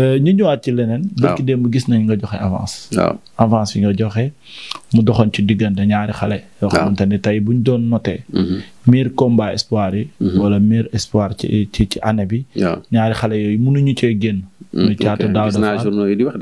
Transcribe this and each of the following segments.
Euh, ñu ñëwaat ci leneen. waaw bërki démb gis nañ nga joxe avance. waaw avance yi nga joxe mu doxoon ci diggante ñaari xale. yoo xamante ne tey buñ doon noté. Mm-hmm. meilleur combat espoir yi. Mm-hmm. wala meilleur espoir ci ci ci année bi. ñaari xale yooyu mënuñu cee génn. Mm, muy caatu daaw dafa yi di wax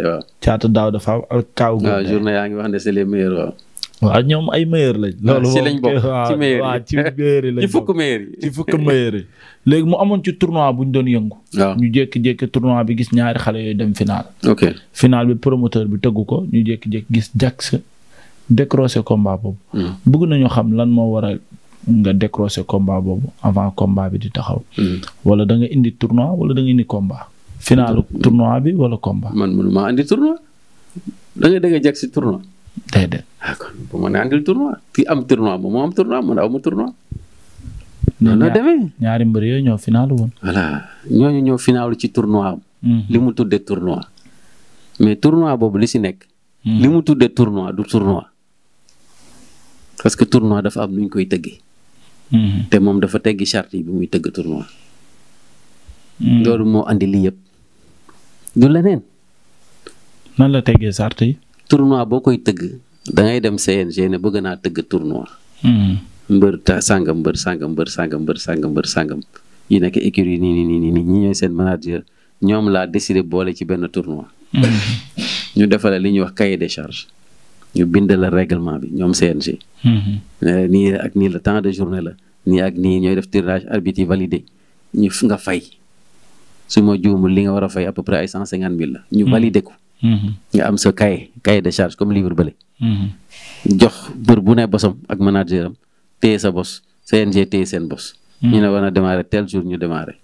caatu daaw dafa ak kaaw. waaw journaux yaa ngi wax ne c'est les meilleurs waaw. waaw ah, ñoom ay meilleur lañ. Ah, loolu lañ bokk ci meilleur yi waaw ci meilleur yi lañ bokk ci fukk ci fukk meilleur léegi mu amoon ci tournoi bu ñu doon yëngu. ñu jékki-jékki tournoi bi gis ñaari xale yooyu dem final. ok final bi promoteur bi tëggu ko ñu jékki-jékki gis Jax décroché combat boobu. Hmm. bëgg nañu xam lan moo war a nga décroché combat boobu avant combat bi di taxaw. Hmm. wala da nga indi tournoi wala da indi combat. finalu hmm. tournoi bi wala combat. man mënuma indi tournoi da nga dégg Jax tournoi. déedéet. ah kon bu ma ne andil am tournoi moom moo am tournoi man aw ma tournoi. noonu la demee ñaari mbër yooyu ñoo final woon. voilà ñooñu ñoo final ci tournoi hmm. li mu tuddee tournoi. mais tournoi boobu li si nekk. Hmm. li mu tuddee tournoi du tournoi. parce que tournoi dafa am nu ñu koy tëggee. te hmm. moom dafa teggi charte yi bi muy tëgg tournoi. loolu moo andi lii yëpp. du leneen. nan la teggee charte yi. tournoi boo koy tëgg dangay dem CNG ne bëgg naa tëgg tournoi. Hmm. mbër ta sàngam mbër sàngam mbër sàngam mbër sàngam mbër sàngam yi nekk écurie nii nii nii nii ñi ñooy seen manager ñoom laa décidé boole ci benn tournoi. Hmm. ñu defale li ñuy wax cahier des charges ñu bind la règlement bi ñoom CNG. Hmm. ne nii ak nii la temps de journée la nii ak nii ñooy def tirage arbitre yi validé ñu nga fay su ma li nga war a fay à peu près ay cent cinquante mille la. ñu validé ko. Mm-hmm. nga am sa cahier cahier de charge comme livre bële. Mm-hmm. jox bër bu ne bosam ak manager am téye sa bos CNG téye seen bos. Mm-hmm. ñu ne war na démarrer tel jour ñu démarrer.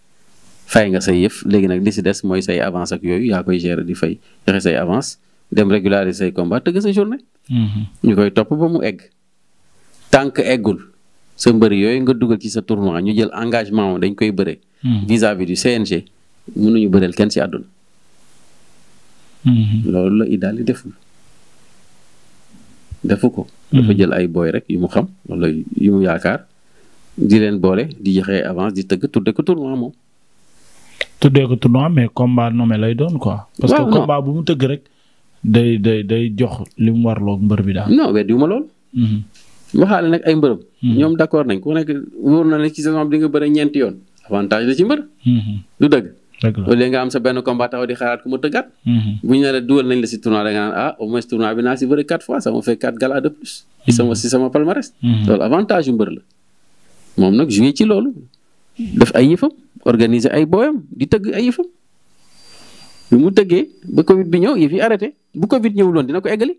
fay nga say yëf léegi nag li si des mooy say avance ak yooyu yaa koy gérer di fay joxe say avance dem régulariser say combat tëgg sa journée. ñu koy topp ba mu egg. tant que eggul. sa mbër yooyu nga dugal ci sa tournoi ñu jël engagement dañ koy bëre. vis-à-vis du CNG mënuñu bëreel kenn ci àdduna. Mm-hmm. loolu la Idaaly deful defu ko. Mm-hmm. dafa jël ay booy rek yu mu xam wala yu mu yaakaar di leen boole di joxe avance di tëgg tuddee ko tournoi moom. tuddee ko tournoi mais combat nommé lay doon quoi. parce que bu mu tëgg rek. day day day jox li mu warloo mbër bi daal. non weddi wu ma lool. Mm-hmm. waxaale nag ay mbërëm. ñoom d' accord nañ ko nekk wóor na ne ci saison bi di nga bëre ñeenti yoon avantage la ci mbër. du dëgg. loolu nga am sa benn combat taxaw di xalaat ku ma tëggaat mhm. bu ñu ne la dugal nañ la si tournoi da naan ah au moins bi naa si bëri quatre fois ça m'a quatre galas de plus si mhm. sama si sama palmarès mhm. loolu avantage yu mbër la moom nag joué ci loolu def ay yëfam organiser ay booyam di tëgg ay yëfam bi mu tëggee ba covid bi ñëw yëf yi arrêté bu covid ñëwuloon dina ko eggali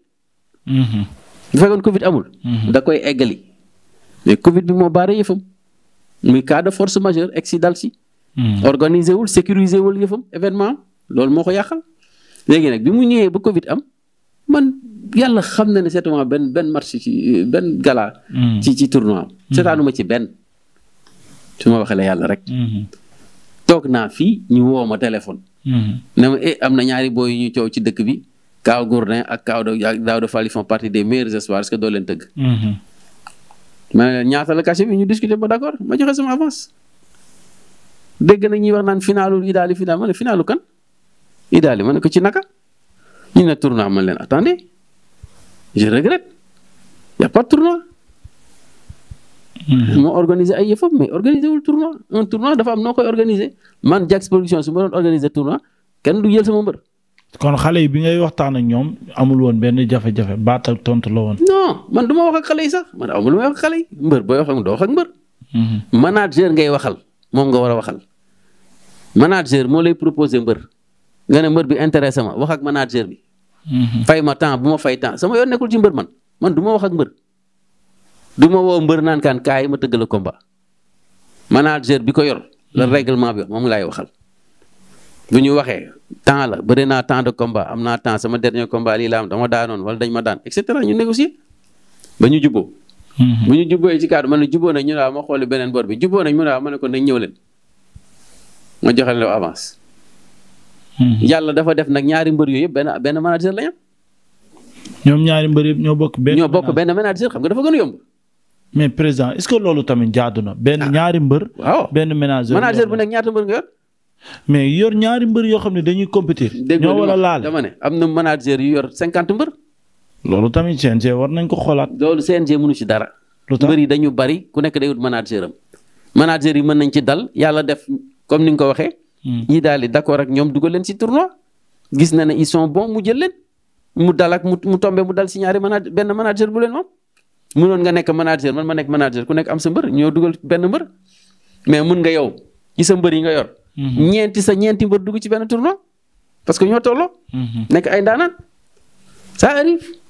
bu fekkoon covid amul da koy eggali mais covid bi moo baare yëfam muy cas de force majeure egg si dal Hmm. organiser wul sécuriser wul yëfam événement loolu moo ko yàqal. léegi nag bi mu ñëwee ba Covid am man yàlla xam na ne seetumaa benn benn match ci benn gala. Hmm. ci ci tournoi am. Hmm. seetaanuma ci benn su ma waxee la yàlla rek. toog naa fii ñu woo ma téléphone. ne ma eh am na ñaari booy yu ñu coow ci dëkk bi Kaaw Gourdin ak Kaaw Daouda Fall font partie des meilleurs espoirs est que doo leen tëgg. ma ne leen ñaata la cachet bi ñu discuter ba d'accord ma joxe sama avance. dégg na ñuy wax naan finaalu idaali finaal ma ne finaalu kan idaali ma ne ko ci naka ñi ne tournoi man leen attendez je regrette y a pas de tournoi. Mm-hmm. moo organiser ay yëfam mais organiser wul tournoi un tournoi dafa am noo koy organiser man Jax production su ma doon organiser tournoi kenn du jël sama mbër. kon xale yi bi ngay waxtaan ak ñoom amul woon benn jafe-jafe baat tontu la woon. non man du ma xale yi sax man amul lu xale yi mbër booy wax ak doo wax ak mbër. Mm-hmm. manager ngay waxal moom nga war a waxal. manager moo lay proposer mbër nga ne mbër bi intéressé ma wax ak manager bi. Mhm. fay ma temps bu ma fay temps sama yoon nekkul ci mbër man man du ma wax ak mbër. du ma woo mbër naan kaan kaay ma tëggal a combat manager bi ko yor. la mhm. règlement bi moom laay waxal. bu ñu waxee temps la bëri naa temps de combat am naa temps sama dernier combat lii la am dama daanoon wala dañ ma daan et ñu négocier ba ñu jubboo. Mhm. bu ñu jubboo ci cadre man la jubboo nañ ñu ne ma bi jubboo nañ mu ne ma ne ñëw leen. ma joxe la avance. Hmm. yàlla dafa def nag ñaari mbër yooyu yëpp benn benn manager lañ am. ñoom ñaari mbër yëpp ñoo bokk. benn ñoo bokk benn manager xam nga dafa gën a mais président est-ce que loolu tamit jaadu na. benn ah. ñaari mbër. waaw benn manager. manager bu nekk ñaata mbër nga mais yor ñaari mbër yoo xam ne dañuy compétir. ñoo war a laal dama ne am na manager yu yor cinquante mbër. loolu tamit CNG war nañ ko xoolaat. loolu CNG mënu ci dara. lu tax mbër yi dañu bari ku nekk day wut manager am. manager yi mën nañ ci dal yàlla def comme ni nga ko waxee. yi hmm. daal di d' ak ñoom dugal leen si tournoi. gis na ne ils sont bons mu jël leen mu dal ak mu mu tombé mu dal si ñaari manag benn manager bu leen moom. munoon nga nekk manager man ma nekk manager ku nekk am sa mbër ñoo dugal benn mbër mais mun nga yow ci sa mbër yi nga yor. Hmm. ñeenti sa ñeenti mbër dugg ci benn tournoi parce que ñoo tolloo. Hmm. nekk ay ndaanaan ça arrive.